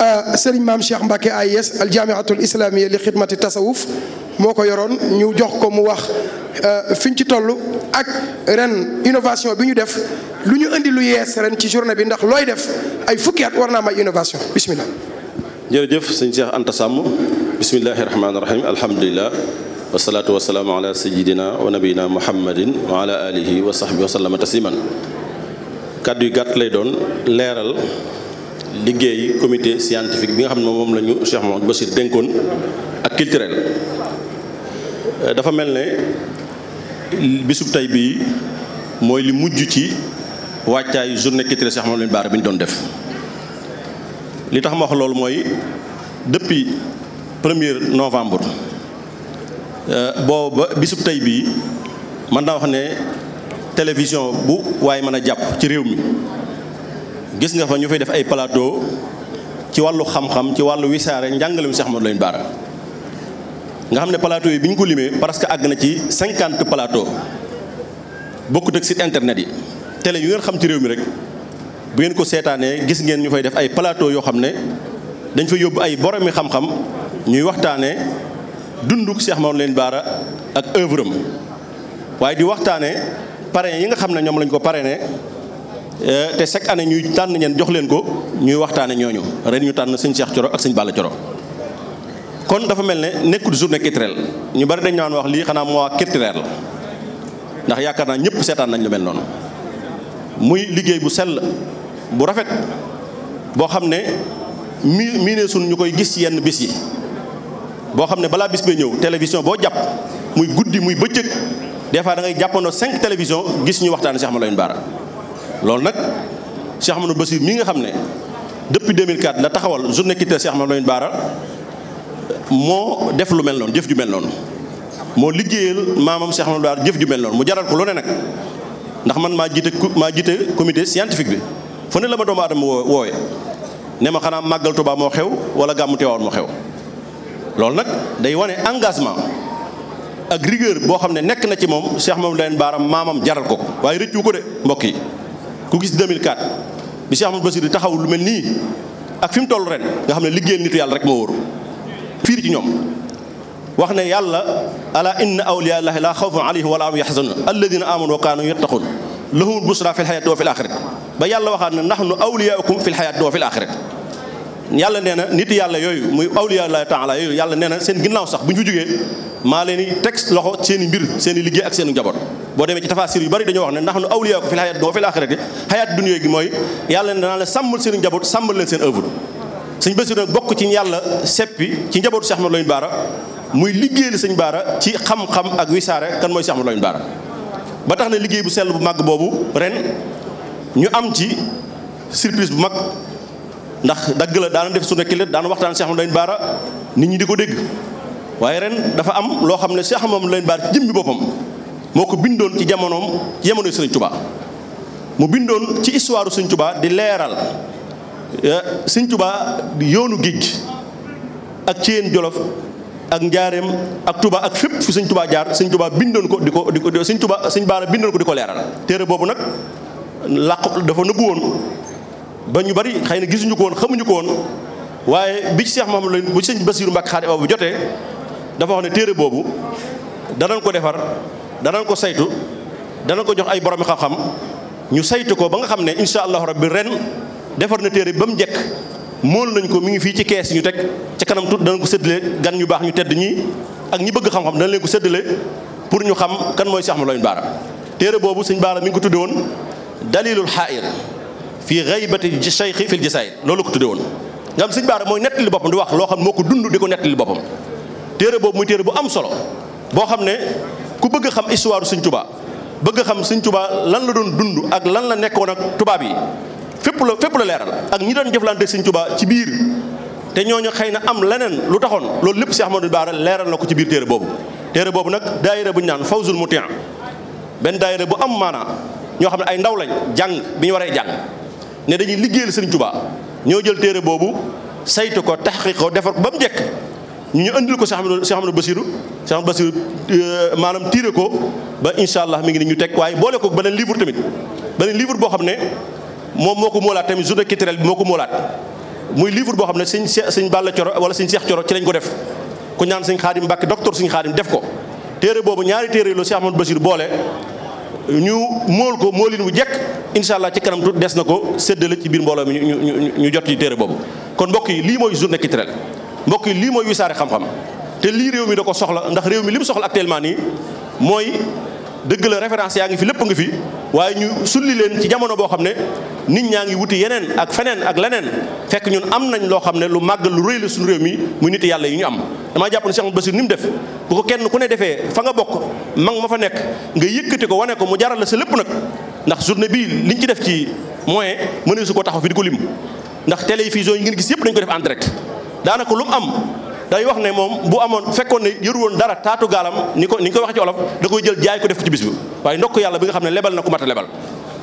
Euh, sëriñ maam Cheikh Mbacke AIS aljamiatul islamiyya li xidmati tasawuf moo ko yoroon ñu jox ko mu wax euh, fiñ ci toll ak ren innovation bi ñu def lu ñu indi lu yees ren ci journée bi ndax looy def ay fukki at war naa am ay innovation bismillah. jërëjëf sëñ Cheikh Anta Samb bismillahi rahmaani rahim alhamdulilah wasalaatu wasalaamu ala sayidina wa nabiyina muhammadin wa ala alihi wa sahbihi wa sallama tasliman kàddu gàtt lay doon leeral. liggéey comité scientifique bi nga xam ne moom la ñu Cheikh Mamadou Bassir dénkoon ak culturel euh, dafa mel ne bisub tey bii mooy li mujj ci wàccaayu journée culturelle Cheikh Mamadou Bara bi ñu doon def li tax ma wax loolu mooy depuis premier novembre euh, booba bisub tey bii man naa wax ne télévision bu waaye mën a jàpp ci réew mi gis nga fa ñu fay def ay palato ci wàllu xam-xam ci wàllu wisaare njàngalem Cheikh Ahmadou Lamine Bara nga xam ne palato yi bi ñu ko limee parce que àgg na ci cinquante plateau bokkut ak site internet yi télé yu ngeen xam ci réew mi rek bu ngeen ko seetaanee gis ngeen ñu fay def ay plateau yoo xam ne dañ fa yóbbu ay boromi xam-xam ñuy waxtaanee dunduk Cheikh Ahmadou Lamine Bara ak œuvre am waaye di waxtaanee parrain yi nga xam ne ñoom lañ ko parrainé Euh, te chaque année ñuy tànn ñeen jox leen ko ñuy waxtaane ñooñu ren ñu tànn sëñ Cheikh Thioro ak sëñ bala Thioro kon dafa mel ne nekkul journée culturelle ñu bari dañ naan wax lii xanaa mois culturel la ndax yaakaar naa ñëpp seetaan nañ lu mel noonu muy liggéey bu sell bu rafet boo xam ne mii miinee sun ñu koy gis yenn bis yi boo xam ne balaa bis bee ñëw télévision boo jàpp muy guddi muy bëccëg des fois da ngay jàppandoo cinq télévision gis ñu waxtaan Cheikh Maloyne Bara loolu nag Cheikh Amadou Bassir mii nga xam ne depuis 2004 la taxawal journée Kiteel Cheikh Amadou Lamine Bara moo def lu mel noonu jëf ju mel noonu moo liggéeyal maamam Cheikh Amadou Bara jëf ju mel noonu mu jaral ko lu ne nag ndax man maa jiite maa jiite comité scientifique bi fu la ma doomu aadama woowe ne ma xanaa màggal Tuubaa moo xew wala gàmmu Tiwaawan moo xew loolu nag day wane engagement ak rigueur boo xam ne nekk na ci moom Cheikh Mamadou Lamine Bara maamam jaral ko ko waaye rëccu ko de mbokk yi. ku gis 2004 bi Cheikh Ahmadou Bassir di taxaw lu mel nii ak fi mu toll ren nga xam ne liggéey nit yàlla rek moo wóor fiir ci ñoom wax ne yàlla alaa inna awliya llahi la xawfun alayhim wala hum yaxzanun alladina amanu wa kaanu yattaqun lahumul busra fi lxayaati wa fi laxirat ba yàlla waxaat ne nahnu awliyaukum fi lxayaati wa fi laxirat yàlla nee na nit yàlla yooyu muy awliya llahi taala yooyu yàlla nee na seen ginnaaw sax bu ñu jógee maa leen i teg loxo seeni mbir seen i liggéey ak seen i njaboot boo demee ci tafaasir yu bari dañoo wax ne ndax nu awliyaa ko fi la xayaat doo fi gi mooy yàlla ne danaa la sàmmal seen njaboot sàmmal leen seen œuvre sëñ Basiru bokk ci yàlla seppi ci njaboot Cheikh Ahmadou Lamine Bara muy liggéeyal sëñ baara ci xam-xam ak wisaare kan mooy Cheikh Ahmadou Lamine Bara ba tax liggéey bu sell bu màgg boobu ren ñu am ci surprise bu mag ndax dagg la daana def suñu kilet daana waxtaan Cheikh Ahmadou Lamine nit ñi di ko dégg waaye ren dafa am loo xam ne Cheikh Ahmadou Lamine Bara ci jëmmi boppam moo ko bindoon ci jamonoom ci jamonoy tubaa mu bindoon ci histoire Sëriñ Tuubaa di leeral eh, Sëriñ tubaa yoonu géej gi ak Ceen Jolof ak Njaareem ak tubaa ak fépp fu Sëriñ Tuubaa jaar Sëriñ Tuubaa bindoon ko di ko di ko Sëriñ Tuubaa Sëriñ Baara bindoon ko di ko leeral téere boobu nag làq dafa nëbbu woon ba ñu bari xëy na gisuñu ko woon xamuñu ko woon waaye bi ci Seex Maam la bu Sëriñ Basiiru Mbàkke Xaadim bu jotee dafa wax ne téere boobu danañ ko defar danañ ko saytu dana ko jox ay boromi xam-xam ñu saytu ko ba nga xam ne incha allahu bi ren defar na téere ba mu njëkk mool nañ ko mu ngi fii ci kees ñu teg ci kanam tut dana ko séddale gan ñu baax ñu tedd ñi ak ñi bëgg xam-xam dana leen ko séddale pour ñu xam kan mooy Cheikh Ahmadou Lamine Bara téere boobu sëñ Bara mi ngi ko tudde woon dalilul xaayir fii xaybati cheikhi fil jasaayir loolu ko tudde woon nga xam sëñ mooy nettali boppam di wax loo xam moo ko dund di ko nettali boppam téere boobu muy téere bu am solo boo xam ne ku bëgg xam histoire Sëñ Tuubaa bëgg xam Sëñ Tuubaa lan la doon dund ak lan la nekkoon ak tubaab yi fépp la fépp la leeral ak ñi doon jëflante Sëñ Tuubaa ci biir te ñoo ñu xëy na am leneen lu taxoon loolu lépp Cheikh Ahmadou Bara leeral na ko ci biir téere boobu téere boobu nag daayira bu ñu naan Fawzul Mutian benn daayira bu am maanaa ñoo xam ne ay ndaw lañ jàng bi ñu waree jàng ne dañuy liggéeyal Sëñ Tuubaa ñoo jël téere boobu saytu ko taxqiq ko defar ba mu njëkk ñu ñu andil ko Cheikh Amadou Cheikh Amadou Bassirou Cheikh Amadou Bassirou euh, maanaam tiire ko ba incha allah mi ngi ni ñu teg waaye boole ko beneen livre tamit beneen livre boo xam ne moom moo ko moolaat tamit journée bi moo ko moolaat muy livre boo xam ne sëñ sëñ Balla Coro wala sëñ Cheikh Coro ci lañ ko def ku ñaan sëñ Xaadim Mbàkke docteur sëñ Xaadim def ko téere boobu ñaari téere la Cheikh Amadou Bassirou boole ñu mool ko moolin bu jekk incha allah ci kanam tuuti des na ko séddale ci biir mbooloo mi ñu ñu ñu jot ci téere boobu kon mbokk yi lii mooy journée culturelle mbokk yi lii mooy wisaare xam-xam te lii réew mi da ko soxla ndax réew mi li mu soxla actuellement nii mooy dëgg la référence yaa ngi fi lépp nga fi waaye ñu sulli leen ci jamono boo xam ne nit ñaa ngi wuti yeneen ak feneen ak leneen fekk ñun am nañ loo xam ne lu màgg lu rëy la suñu réew mi mu nit yàlla yu ñu am. damaa jàpp ne Cheikh Basir ni mu def bu ko kenn ku ne defee fa nga bokk mag ma fa nekk nga yëkkati ko wane ko mu jaral la sa lépp nag ndax journée bi liñ ci def ci moyen mëneesu ko taxaw fi di ko lim ndax télévision yi ngeen gis yëpp dañ ko def en daanaka lu mu am day wax ne moom bu amoon fekkoon ne yëru woon dara taatu gaalam ni ko ni ko waxee ci olof da koy jël jaay ko def ko ci bis bi waaye ndokk yàlla bi nga xam ne lebal na ku mat a lebal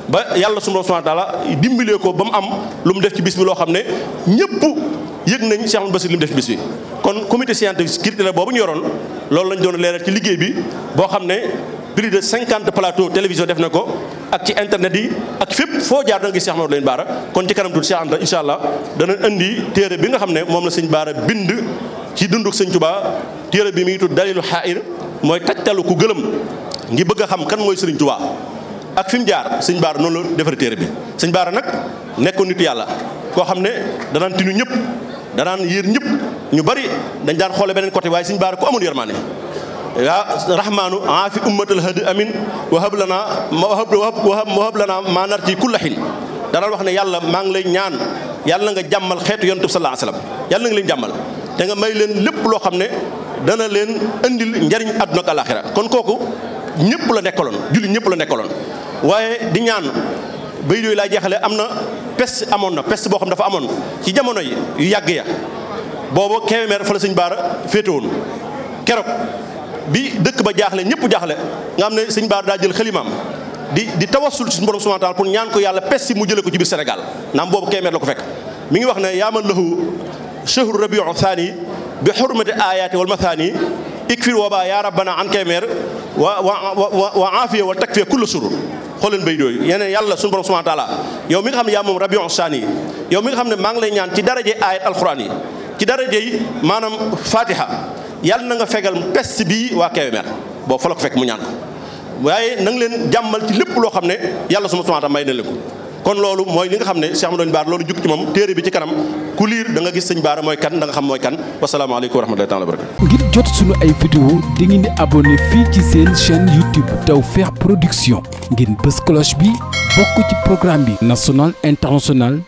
ba yàlla suma subhanahu wa taala dimbalee ko ba mu am lu mu def ci bis bi loo xam ne ñëpp yëg nañ Cheikh Ahmadou Bassir li mu def ci bis bi kon comité scientifique critère boobu ñu yoroon loolu lañ doon leeral ci liggéey bi boo xam ne plus de cinquante plateau télévision def na ko ak ci internet yi ak fépp foo jaar da nga gis Cheikh Mouhamadou Lamine Bara kon ci kanam tuuti Cheikh Anta incha allah dana indi téere bi nga xam ne moom la sëñ bind ci dunduk sëñ Touba téere bi mi ngi tudd dalilu xaayir mooy tajtalu ku gëlëm ngi bëgg a xam kan mooy sëriñ Touba ak fi mu jaar sëñ Bara noonu la defar téere bi sëñ Bara nag nekkoon nitu yàlla koo xam ne danaan tinu ñëpp danaan yéer ñëpp ñu bari dañ daan xoole beneen côté waaye sëñ Bara ku amul yërmaane yaa rahmaanu a fi ummatal hadi amin wahab lana wahab wahab lana maa la ci kulla xil danaal wax ne yàlla maa ngi lay ñaan yàlla nga jàmmal xeetu yonent bi sallallahu alayhi yàlla nga leen jàmmal te nga may leen lépp loo xam ne dana leen andil njariñ àdduna ak alaxira kon kooku ñëpp la nekkaloon julli ñëpp la nekkaloon waaye di ñaan bay yooyu laa jeexale am na peste amoon na peste boo xam dafa amoon ci jamono yi yu yàgg ya booba Kébémer fa la sëñ Baara féete woon keroog bi dëkk ba jaaxle ñëpp jaaxle nga xam ne sëñ Bara daa jël xalimaam di di tawassul ci suñu borom subhanahu wa taala pour ñaan ko yàlla pes si mu jële ko ci biir Sénégal naam boobu keemeet la ko fekk mi ngi wax ne yaa man lahu chahru rabiu thani bi xurmati ayaati wal mathani ikfir wabaa yaa rabbana an keemeer wa wa wa aafiya wa takfiya kulla surur xool leen bay yooyu yeneen yàlla suñu borom subhanahu wa taala yow mi nga xam ne yaa moom rabiu thani yow mi nga xam ne maa ngi lay ñaan ci daraje ayat alquran yi ci daraje yi yàlla na nga fegal pes bii waa Kébémer boo fa fekk mu ñaan ko waaye na leen jàmmal ci lépp loo xam ne yàlla suma sumaata may na leen ko kon loolu mooy li nga xam ne Cheikh Amadou Baara loolu jukki ci moom téere bi ci kanam ku liir nga gis sëñ Baara mooy kan da nga xam mooy kan wasalaamaaleykum wa rahmatullahi taala wa barakatu ngir jot suñu ay vidéo di ngeen di abonné fii ci seen chaîne YouTube Tawfekh Production ngeen bës cloche bi bokk ci programme bi national international